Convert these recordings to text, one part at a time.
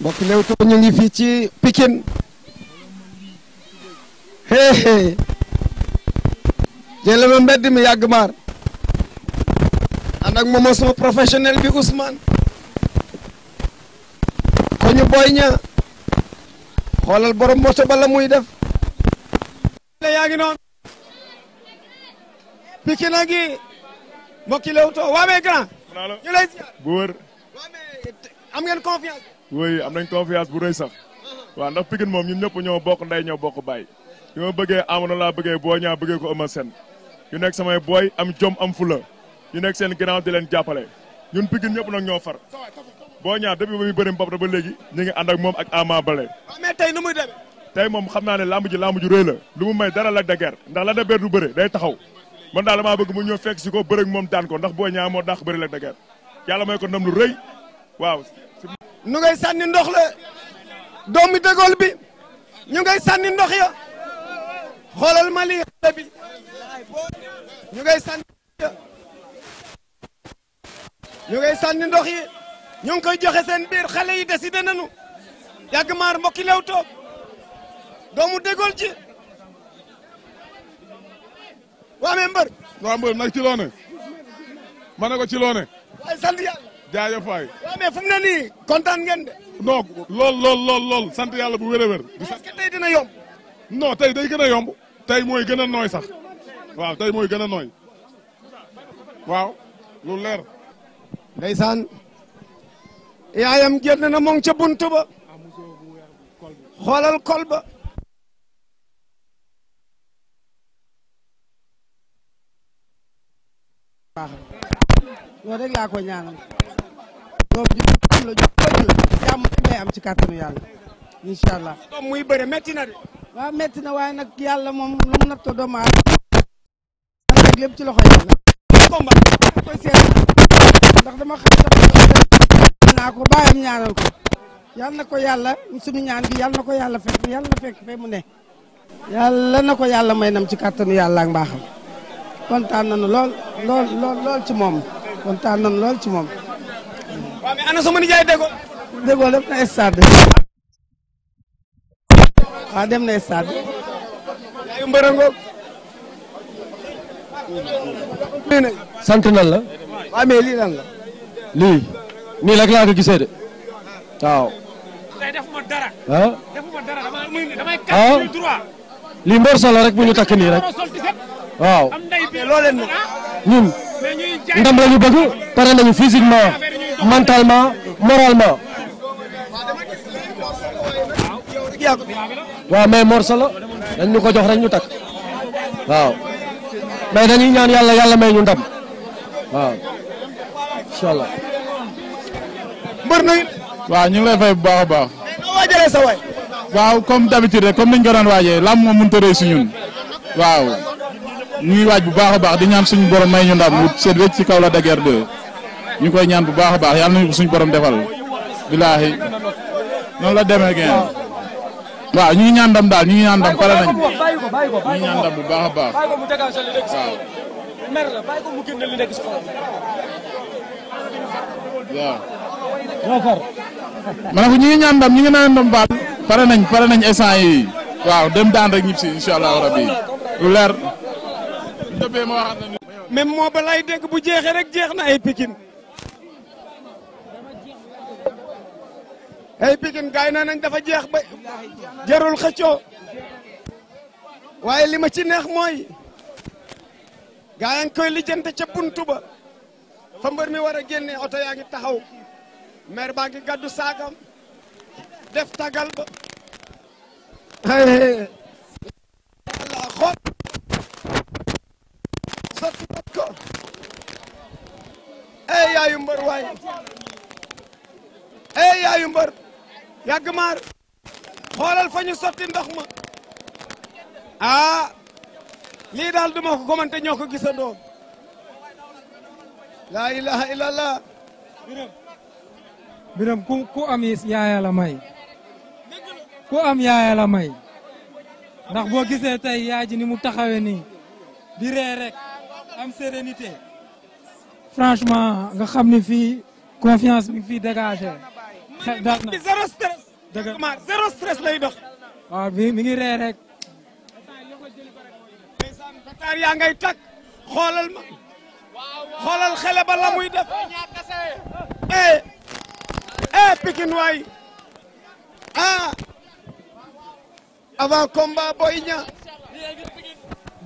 mbokk Leewtoo ñu ngi fii ci Pikine hee jële ma mbedd mi yàgg maar ànd ak moom sama bi Ousmane ko ñu boy ña xoolal borom moto ba muy def yaa ngi noonu Pikine a ngi mbokki Leewtoo waa mais grand ñu am ngeen confiance oui am nañ confiance bu rëy sax waaw ndax Pikine moom ñun ñëpp ñoo bokk nday ñoo bokk baay li ma bëggee amoon laa bëggee boo ñaa bëggee ko ëmmal seen ñu nekk samay booy am jom am fula ñu nekk seen ginnaaw di leen jàppale ñun Pikine ñëpp nag ñoo far boo ñaa depuis ba muy bërim ba léegi ñu ngi ànd ak moom ak Ama Baldé mais tey nu muy demee tey moom xam naa ne lamb ji rëy la lu mu may dara Lac de Guiers ndax Lac de Guiers du bëre day taxaw man daal damaa mu ñëw fekk si ko bëre ak moom daan ko ndax boo ñaa moo dàq bëri Lac de Guiers yàlla may ko ñu ngay sànni ndox la doomi dégol bi ñu ngay sànni ndox ya xoolal ma xale bi ñu ngay sànni ñu ngay sànni ndox yi ñu ngi koy joxe seen biir xale yi décidé nañu yàgg maar mbokki Leewtoo doomu dégol ji waamee mbër waa mbër nag ci loone ma ne ko ci loone waaye sant jaajëf waay. waaw mais fu mu kontaan ngeen de. non lool lool lool lool sant yàlla bu wér a wér. est-ce que tey dina yomb. day gën a yomb. tey mooy gën a nooy sax waaw tey mooy gën nooy waaw lu leer. ndeysaan yaayam génn na moom ca bunt ba xoolal kol ba. loolu rek doom ji am la ju bëgg jàmm rek ngay am ci kàttanu yàlla incha allah. comme muy bëre métti na de. waaw métti na waaye nag yàlla moom lu mu nattoo doomu aadama. man nag lépp ci loxo yàlla. combat bi koy seet ndax dama xam sax naa ko bàyyam ñaanal ko yàlla na ko yàlla suñu ñaan gi yàlla na ko yàlla fekk yàlla na fekk fe mu ne. yàlla na ko yàlla may nam ci kàttanu yàlla ak mbaaxam kontaan nañu lool lool lool lool ci moom kontaan nañu lool ci moom. waaw mais ana sama nijaay déggoo. déggoo def na stade. waaw dem na stade. Ah, yaa ngi la. waaw mais lii lan la. lii laa ko gisee de waaw. tey ah? ah? lii mbër solo rek bu ñu takk nii rek. waaw. looleen ñun. ndam la bëgg pare nañu physiquement. mentalement moralement. waaw mais Mor Sala dañ ñu ko jox rek ñu takk waaw mais dañuy ñaan yàlla yàlla may ñu ndam waaw mbër nañ. waaw ñu ngi lay fay bu baax a baax. waajalee sa waaw comme d'habitude rek comme ni ko daan waajee lam moom mënut a rëy si waaw ñu ngi waaj bu baax a baax di ñaan suñu borom may ñu ndam mu seet kaw la de guerre ñu ngi koy ñaan bu baax a baax yàlla ñu ko suñu borom defal bilaahi noonu la demee ngeen waaw ñu ngi ñaan ndam daal ñu ngi ñaan ndam pare nañ ñu bu baax a baax waaw. waaw. ñu ñaan ndam ñu ngi naan ndam baal. pare nañ pare nañ instant yi waaw dem daan rek ñib si incha allahu rabi lu leer. même moo ba lay bu jeexee rek jeex na ay pikin. ay Pikine gaay na nañ dafa jeex ba jarul xëccoo waaye li ma ci neex mooy gaa yaa ngi koy lijjante ca buntu ba fa mbër mi war a génne oto yaa ngi taxaw maire baa ngi gàddu saagam def tagal ba yàlla xool sotti ko ey yaayu mbër waay yàgg maar xoolal fa sotti ndox ma ah lii daal du ma ko commenté ñoo ko gisandoo laa ilaha illallah biram biram ku am yaaya la may ku am yaaya may ndax boo gisee tey yaay ji ni mu taxawe nii di ree am sérénité franchement nga xam ni fii confiance bi fii dégagé daal na zéro stress. lay dox. waaw mi mi ngi ree rek. yaa ngay takk xoolal ma la muy def. eh eh Pikine waay ah avant combat Boy Niang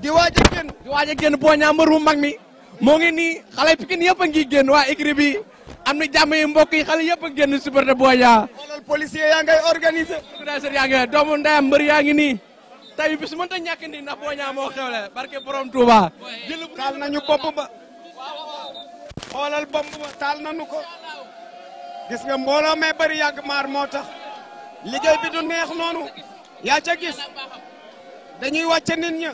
di waaj a génn di waaj Boy Niang mbër mu mag mi moo ngi nii xale Pikine yëpp a ngi génn waa écurie bi. am na jàmm yi mbokk yi xale yëpp a génn supporter Boy Niang. xoolal policier yaa ngay organiser. organisé yaa ngi doomu ndeyam mbër yaa ngi nii. tey bis mënut a ñàkk nii ndax Boy moo xewle barke borom Touba. taal nañu bopp ba. xoolal bomb ba taal na ko. gis nga mbooloo may bëri yàgg maar moo tax. liggéey bi du neex noonu. yaa ca gis. dañuy wàcce ña.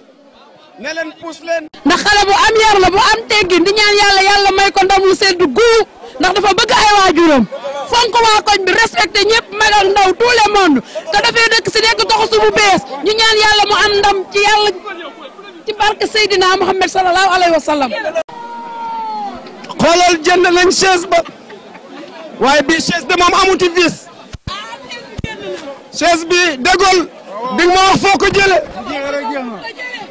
ne leen puus leen. ndax xale bu am yar la bu am teggin di ñaan yàlla yàlla may ko ndam lu sedd guub. ndax dafa bëgg ay waajuram fonk waa koñ bi respecté ñëpp mag ndaw tout le monde te dafay dëkk si bu bees ñu ñaan yàlla mu am ndam ci yàlla ci barke Seydina Muhammad sallallahu alayhi wa bi de moom amuti vis ma wax foo ko jëlee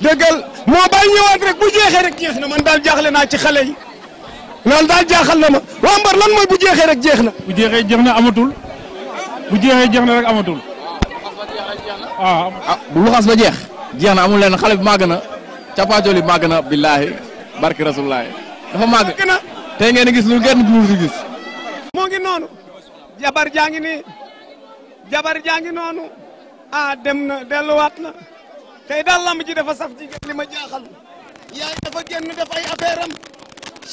déggal moo bay ñëwaat rek bu jeexee rek jeex na man daal jaaxle naa ci xale yi loolu daal jaaxal na ma. waa mbar lan mooy bu jeexee rek jeex na. bu jeexee jeex na amatul bu jeexee jeex na amatul. Ah, bu xas ba jeex. jeex na amul leen xale bi màgg na cappaajol yi màgg na billaahi barki rasululaahi dafa màgg tey ngeen gis lu ngeen bu gis. moo ngi noonu. jabar jaa ngi nii jabar ngi noonu ah dem na delluwaat na tey daal lamb ji dafa saf jigéen li ma jaaxal yaay dafa génn def ay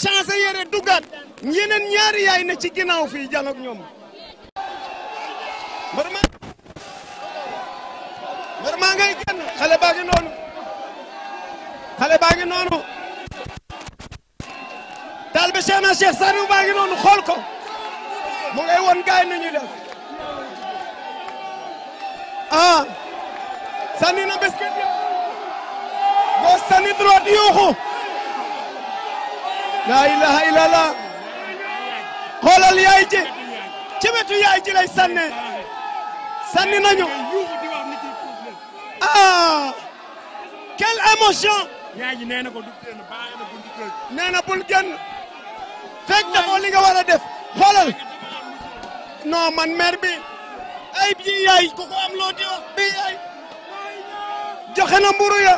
changé yére duggaat yeneen ñaari yaay na ci ginnaaw fii jàng ak ñoom. mbër maa mbër maa ngay génn xale baa ngi noonu xale baa ngi noonu daal ba Cheikh na Cheikh Saliou baa ngi noonu xool ko ngay won gaay nañu def ah sànni na biscuit yo boo sànni droit yuuxu laa ilaha illallah xoolal ci wetu yaay ji lay sànne nañu ah quelle émotion yaay ji na fekk defoo li nga def xoolal non man maire ay bi yaay ku na mburu ya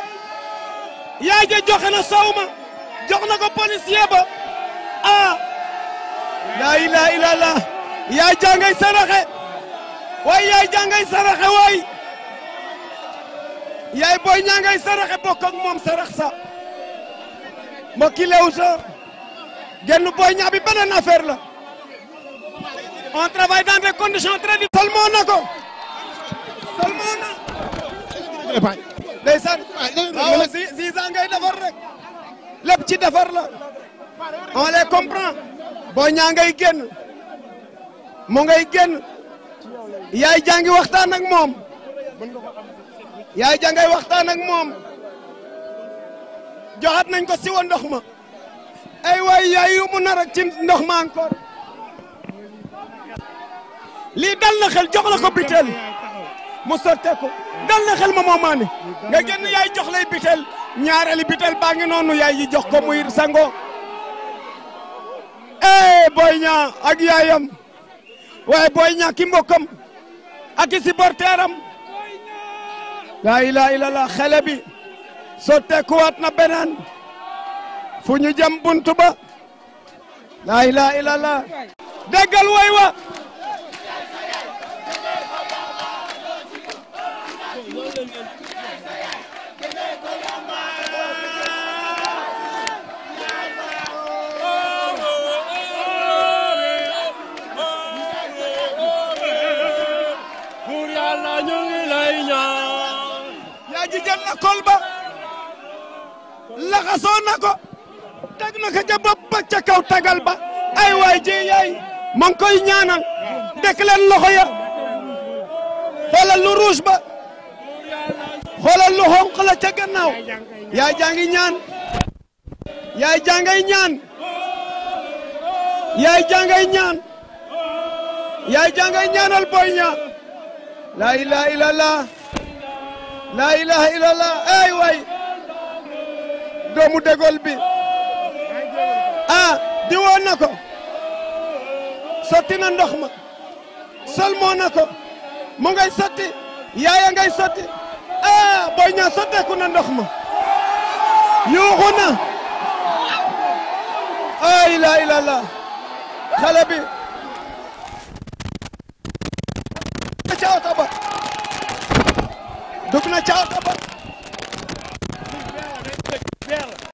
yaay ja na sawma jox na ko policier ba ah laa ilaaha illallah yaay jàngay saraxe waay yaay jàngay saraxe waay yaay booy ñangay saraxe bokk ak moom sarax sa mbokki Leewtoo genn booy ñaa bi affaire la on travaille dans des conditions très difficiles. na ko seulement na. ndeysaan waaw si si rek. lépp ci defar la on les comprend boo ñaa ngay génn mu ngay génn yaay jàngi waxtaan ak moom yaay jàngay waxtaan ak moom joxat nañ ko siwa ndox ma ay waay yaay yu mu nar ci ndox ma encore lii dal na xel jox la ko biteel mu sotte ko dal na xel ma moomaane nga génn yaay jox lay biteel ñaareelu bitel baa ngi noonu yaay ji jox ko muy sango eh Boy Niang ak yaayam waaye Boy Niang ki mbokkam ak i supporteram laa ilaaha illallah xele bi sotteekuwaat na beneen fu ñu jëm buntu ba laa ilaaha illallah déggal way wa ji jël na kol ba laxasoo ko teg na ko ca ba ca kaw tagal ba ay waay ji yaay koy ñaanal dekk leen loxo ya xoolal lu rouge ba xoolal lu xonq la ca gannaaw yaay jàngi ñaan yaay jàngay ñaan yaay jàngay ñaan ñaanal Boy Niang laa ilaha illallah laa ilaha illallah ay way doomu dégol bi ah di na ko sotti na ndox ma sol moo ko mu ngay sotti yaaya ngay sotti ñaa Boy Niang sotteeku na ndox ma yuuxu na ay la ila la xale bi dugg na ca oto